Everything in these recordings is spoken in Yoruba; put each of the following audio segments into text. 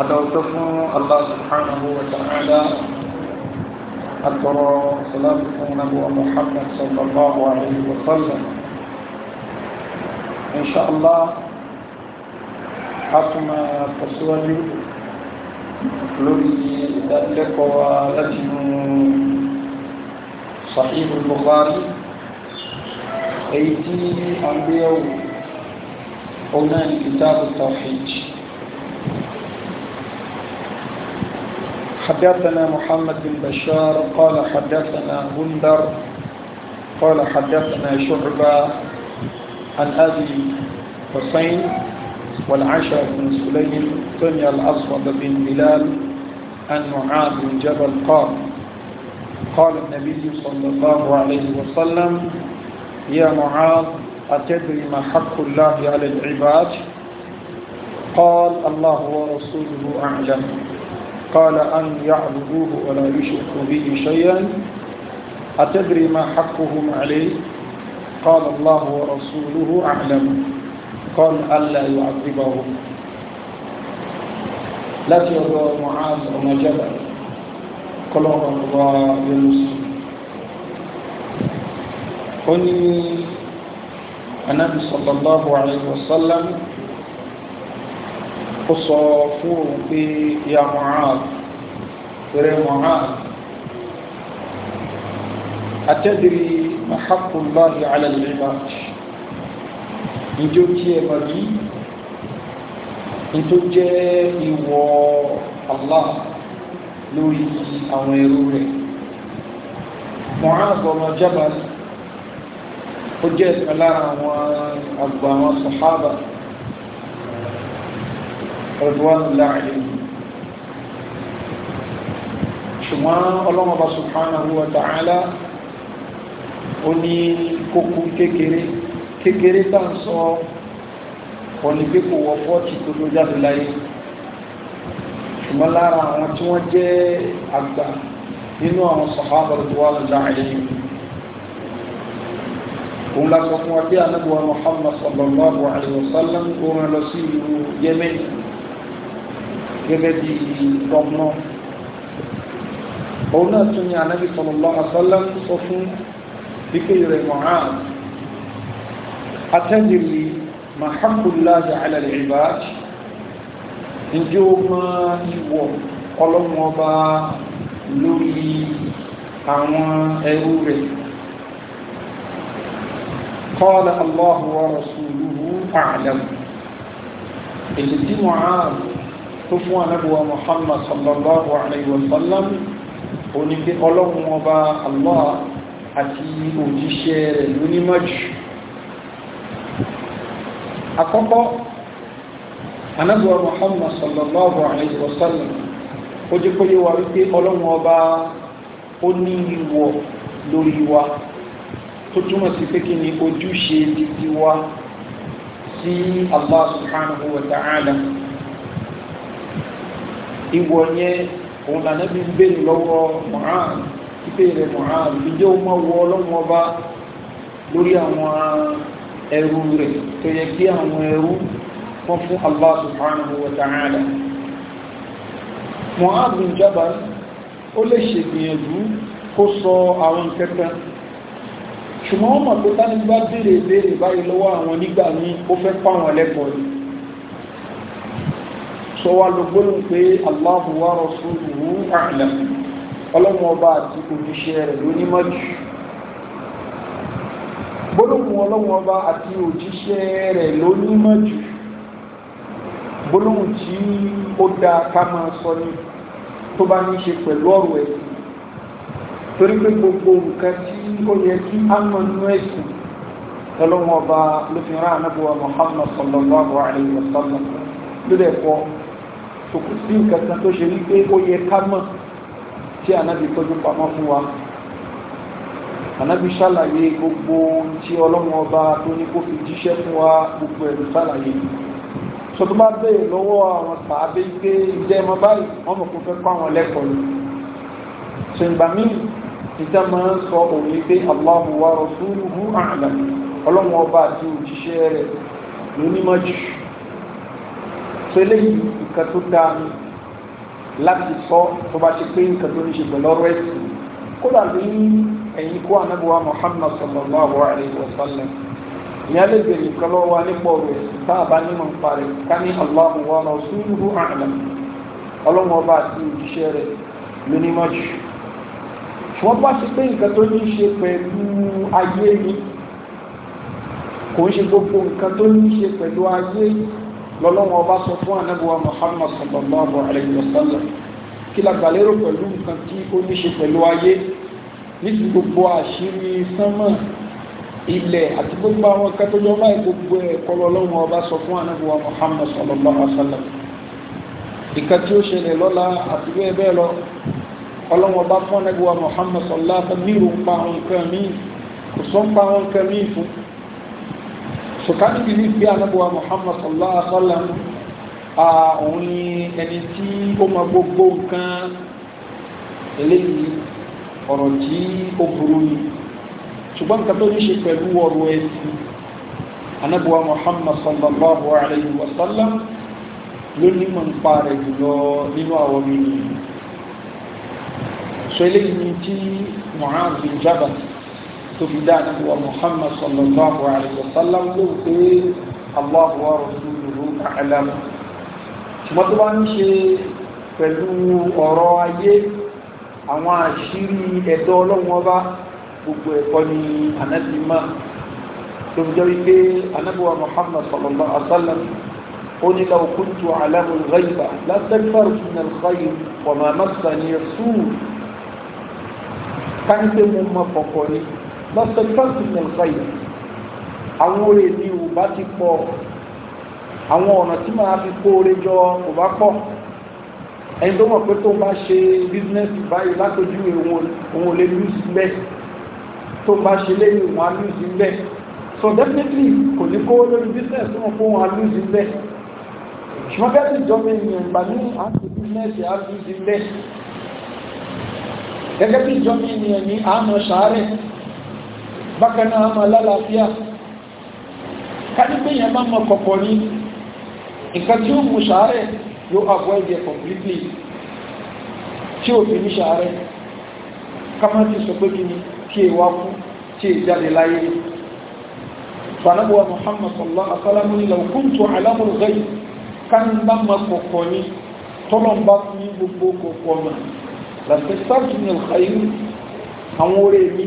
أدعوك الله سبحانه وتعالى أترى صلاة نبوة محمد صلى الله عليه وسلم إن شاء الله حكم تسوالي لوري ذلك ولجن صحيح البخاري أيتي أنبياء هنا كتاب التوحيد حدثنا محمد بن بشار قال حدثنا منذر قال حدثنا شعبة عن أبي حسين والعشر بن سليم سمع الأسود بن بلال عن معاذ بن جبل قال قال النبي صلى الله عليه وسلم يا معاذ أتدري ما حق الله على العباد قال الله ورسوله أعلم قال أن يعبدوه ولا يشركوا به شيئا أتدري ما حقهم عليه قال الله ورسوله أعلم قال ألا يعذبهم لا تيرى معاذ وما جبل قال الله يلوسف قل النبي صلى الله عليه وسلم ó sọ fún òun pé ya Mu'adh rẹ Mu'adh atadri ma haqqullahi 'ala al-'ibad ìjó tí ẹ mọ̀ bí ìtó jẹ́ ìwọ̀ Allah lórí àwọn ẹrú rẹ̀ Mu'adh ọmọ Jabal ó jẹ́ ìpẹ́lára àwọn àgbà àwọn sàhábà رضوان الله عليهم ṣùgbọ́n ọlọ́mọba subhanahu wa ta'ala ó ní kókó kékeré kékeré tá ń sọ ọ̀nà pé kò wọ fọ́ọ̀tì tó tó jáde láyé ṣùgbọ́n lára àwọn tí wọ́n jẹ́ àgbà nínú àwọn sàhábà radwan Allah alayhim òun la sọ fún wa pé anábùwà Muhammad sallallahu alayhi wa sallam ó rán lọ sí ìlú Yemen gẹ́gẹ́ bí gọ́ọ̀nà òun náà tún ní anábì sallallahu alaihi wasallam sọ fún wípé rẹ̀ Mu'adh atẹ́jìrì mahamudulahi ala al-ibad ǹjẹ́ ó máa ìwọ̀ ọlọ́run ọba lórí àwọn ẹrú rẹ̀ qala Allahu wa rasuluhu a'lam èyí tí Mu'adh tó fún anábùwà muhammad sallallahu alayhi wa sallam oníkẹ́ ọlọ́run ọba allah àti òjíṣẹ́ rẹ̀ lónímọ̀jù àkọ́kọ́ anábùwà muhammad sallallahu alayhi wa sallam ó jẹ́ kó yé wa wípé ọlọ́run ọba ó ní ìwọ̀ lórí wa tó túmọ̀ sí pé kí ni ojúṣe títí wa sí allah subhanahu wa ta'ala. ta'ala ìwọ yẹn òun lànà bí ń bèrè lọ́wọ́ mohan ìpè rẹ̀ mohan ìjẹ́ òun máa wọ ọlọ́run ọba lórí àwọn ẹrú rẹ̀ tó yẹ kí àwọn ẹrú wọn fún Allah subhanahu wa ta'ala mohan bin Jabal ó lè ṣègbìyànjú kó sọ àwọn kẹta ṣùgbọ́n wọn mọ̀ pé béèrè béèrè báyìí lọ́wọ́ àwọn nígbà ní ó fẹ́ pàwọn lẹ́kọ̀ọ́ yìí sọ wá ló gbólóhùn pé Allahu wa rasuluhu a'lam ọlọ́run ọba àti òjíṣẹ́ rẹ̀ ló ní mọ́jú gbólóhùn ọlọ́run ọba àti òjíṣẹ́ rẹ̀ ló ní mọ́jú gbólóhùn tí ó dáa ká máa sọ ní tó bá ní ṣe pẹ̀lú ọ̀rọ̀ ẹ̀sìn torí pé gbogbo nǹkan tí ó yẹ kí á mọ̀ nínú ẹ̀sìn ọlọ́run ló fi rán ànábùwà Muhammad sallallahu alaihi wasallam ló dẹ̀ so kò sí nǹkan kan tó ṣe wípé ó yẹ ká mọ̀ tí ànábì tọ́jú pamọ́ fún wa ànábì ṣàlàyé gbogbo tí ọlọ́run ọba tó ní kó fi jíṣẹ́ fún wa gbogbo ẹ̀rù ṣàlàyé so tó bá bèèrè lọ́wọ́ àwọn sàábé pé ìjẹ́ ẹmọ báyìí wọ́n mọ̀ kó fẹ́ kọ́ àwọn lẹ́kọ̀ọ́ ni so míì ìjẹ́ máa ń sọ òun pé Allahu wa rasuluhu a'lam ọlọ́run ọba àti òjíṣẹ́ rẹ̀ lónímọ̀ jù sele eléyìí nǹkan tó dáa ni láti sọ tó bá ṣe pé nǹkan tó ní ṣe pẹ̀lú ọ̀rọ̀ ẹ̀sìn kódà ní ẹ̀yìn kó anábùwá Muhammad sallallahu alayhi wa sallam ìyá lè bèrè nǹkan lọ́wọ́ wa nípa ọ̀rọ̀ ẹ̀sìn tá a bá nímọ̀ ń parí ká ní Allahu wa rasuluhu a'lam ọlọ́run ọba àti òjíṣẹ́ rẹ̀ lónímọ̀ jù wọ́n bá ṣe pé nǹkan tó ní ṣe pẹ̀lú ayé ni kò ń ṣe gbogbo nǹkan tó ní ṣe pẹ̀lú ayé yìí lọ́lọ́wọ́ ọba sọ fún anábíwá Muhammad sallallahu alayhi wa sallam kí la gbàlérò pẹ̀lú nǹkan tí ó ní ṣe pẹ̀lú ayé nítorí gbogbo àṣírí sánmà ilẹ̀ àti gbogbo àwọn nǹkan tó jọ máa gbogbo ẹ̀kọ́ lọ́lọ́wọ́ ọba sọ fún anábíwá Muhammad sallallahu alayhi wa sallam nǹkan tí ó ṣẹlẹ̀ lọ́la àti bẹ́ẹ̀ so ká níbi ní bí anábọ̀wá Muhammad sallallahu alaihi wa sallam òun ni ẹni tí ó mọ gbogbo nǹkan eléyìí ọ̀rọ̀ tí ó burú ni ṣùgbọ́n nǹkan tó ní ṣe pẹ̀lú ọ̀rọ̀ ẹ̀sìn anábọ̀wá Muhammad sallallahu alaihi wa sallam ló ní mọ̀ ń pa rẹ̀ jùlọ nínú àwọn ènìyàn so eléyìí ni tí Mu'adh bin Jabal tó fi dá àti wa muhammad sallallahu alayhi wa sallam ló ń pè é allahu wa rasuluhu a'lam ṣùgbọ́n tó bá ń ṣe pẹ̀lú ọ̀rọ̀ ayé àwọn àṣírí ẹ̀dọ́ ọlọ́run ọba gbogbo ẹ̀kọ́ ni ànábì mọ́ tó fi jẹ́ wípé ànábì wa muhammad sallallahu alayhi wa sallam قل لو كنت أعلم الغيب لاستكثرت من الخير وما مسني السوء كان في مما فقوني lọ́sọ̀tọ́sì ní ọ̀pẹ́yì àwọn orí mi ò bá ti pọ̀ àwọn ọ̀nà tí máa fi kó orí jọ kò bá pọ̀ ẹni tó mọ̀ pé tó bá ṣe bísínẹ́sì báyìí látọjú òun ò lè lù sílẹ̀ tó bá ṣe lẹ́yìn òun á lù sílẹ̀ so definitely kò ní kó lórí bísínẹ́sì wọn fún òun á lù sílẹ̀ ṣùgbọ́n bẹ́ẹ̀ sì jọmọ ènìyàn gbà ní àti bísínẹ́sì á sílẹ̀ gẹ́gẹ́ bí jọmọ ènìyàn ní àmọ́ ṣàárẹ̀ bákan náà máa lálàáfíà kánípé yẹn máa mọ kọ̀kọ̀ ní nǹkan tí ó mú ṣàárẹ̀ yóò avoid it completely tí ò fi ní ṣàárẹ̀ kámá ti sọ pé kí ni kí èwà kú tí è jáde láyé fanabuwa muhammad sallallahu alaihi wasallam ni law kuntu alamul ghaib kan bá mọ kọ̀kọ̀ ní tọ́lọ̀ bá fún gbogbo kọ̀kọ̀ mà làtẹ́sàkì ní ọ̀hàyí àwọn orí mi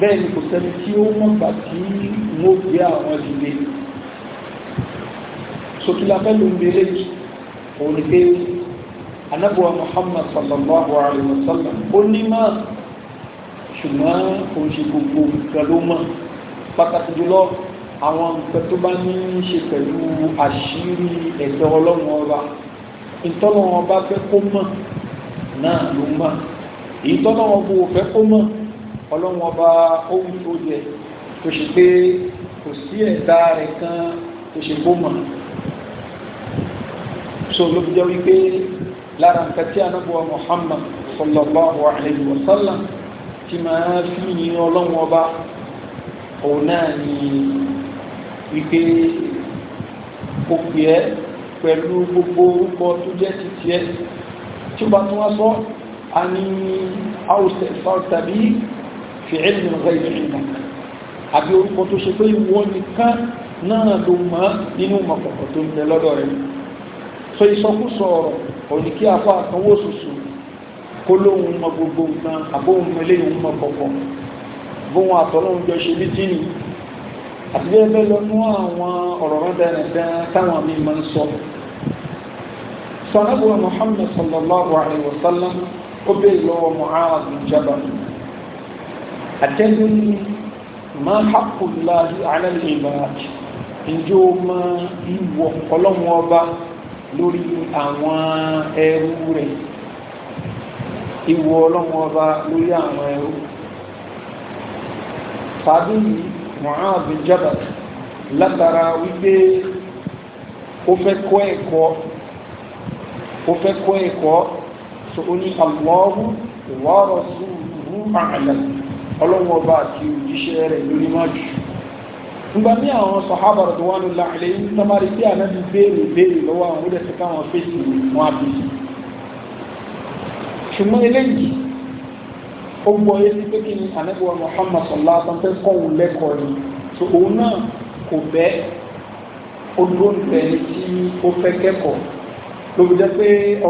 bẹ́ẹ̀ ni kò sẹ́ni tí ó mọ̀gbà tí wọ́n gbé àwọn ìdílé sókílá pẹ̀lú ìdílé òun pé anábùwà Muhammad sallallahu alaihi wa sallam ó ní máa ṣùgbọ́n òun ṣe gbogbo nǹkan ló mọ̀ pàtàkì jùlọ àwọn nǹkan tó bá ní í ṣe pẹ̀lú àṣírí ẹ̀tọ́ ọlọ́run ọba ìtọ́lọ́run ọba fẹ́ kó mọ̀ náà ló mọ̀ ìtọ́lọ́run ọba ò fẹ́ kó mọ̀ ọlọ́wọ́n bá ohun tó yẹ tó ṣe pé kò sí ẹ̀dá rẹ̀ kan tó ṣe kó so ló fi jẹ́ wípé lára nǹkan tí anábọ̀ Muhammad sallallahu alayhi wa sallam tí máa fi yin ọlọ́wọ́n ọba òun náà ni wípé kò pè ẹ́ pẹ̀lú gbogbo orúkọ tó jẹ́ ti tiẹ̀ tí ó bá tún wá sọ a ní àwòsẹ̀ fáwọn tàbí fi ilmi ghayr ilmik àbí orúkọ tó ṣe pé ìwọ nìkan náà ló mọ̀ nínú mọ̀kọ̀kọ̀ tó ń bẹ lọ́dọ̀ rẹ̀ so ìsọkúsọ ọ̀rọ̀ òní kí afọ àtàwọ̀ òṣùṣù kó lóhun mọ gbogbo nǹkan àbóhun eléyìí mọ kọ̀kọ̀ bóhun àtọ́lóhun jọ ṣe bí tíì àti bẹ́ẹ̀ bẹ́ẹ̀ lọ mú àwọn ọ̀rọ̀ rán dáadáa táwọn mi máa ń sọ muhammad sallallahu alaihi wasallam ó bẹ́ẹ̀ lọ́wọ́ mu'adh bin jabal àtẹ́lẹ́ni máa hàkùnláàrí alẹ́lẹ́ ìbáàkì ìjọ ma ìwọ̀ ọlọ́run ọba lórí àwọn ẹrú rẹ̀ ìwọ̀ ọlọ́run ọba lórí àwọn ẹrú tàbí mọ̀háàbí jábà látara wípé ó fẹ́ kọ́ ẹ̀kọ́ ó ní àlọ́rù wọ́rọ̀ sí ìrú àlẹ́lẹ́ ọlọ́wọ́n ọba àti òjíṣẹ́ rẹ̀ lórí máa jù nígbà ní àwọn sọ̀hábà rẹ̀ tó wà ní láàrin ní tamari tí ànábi béèrè béèrè lọ́wọ́ àwọn òdẹ̀ síkà wọn fèsì wọn àbí ṣùgbọ́n eléyìí ó gbọ́ yé sí pé kí ni ànábi wa Muhammad sọ̀lá àtàntẹ́ kọ́hùn lẹ́kọ̀ọ́ ni tó òun náà kò bẹ́ olóńgbẹ́ tí ó fẹ́ kẹ́kọ̀ọ́ ló fi jẹ́ pé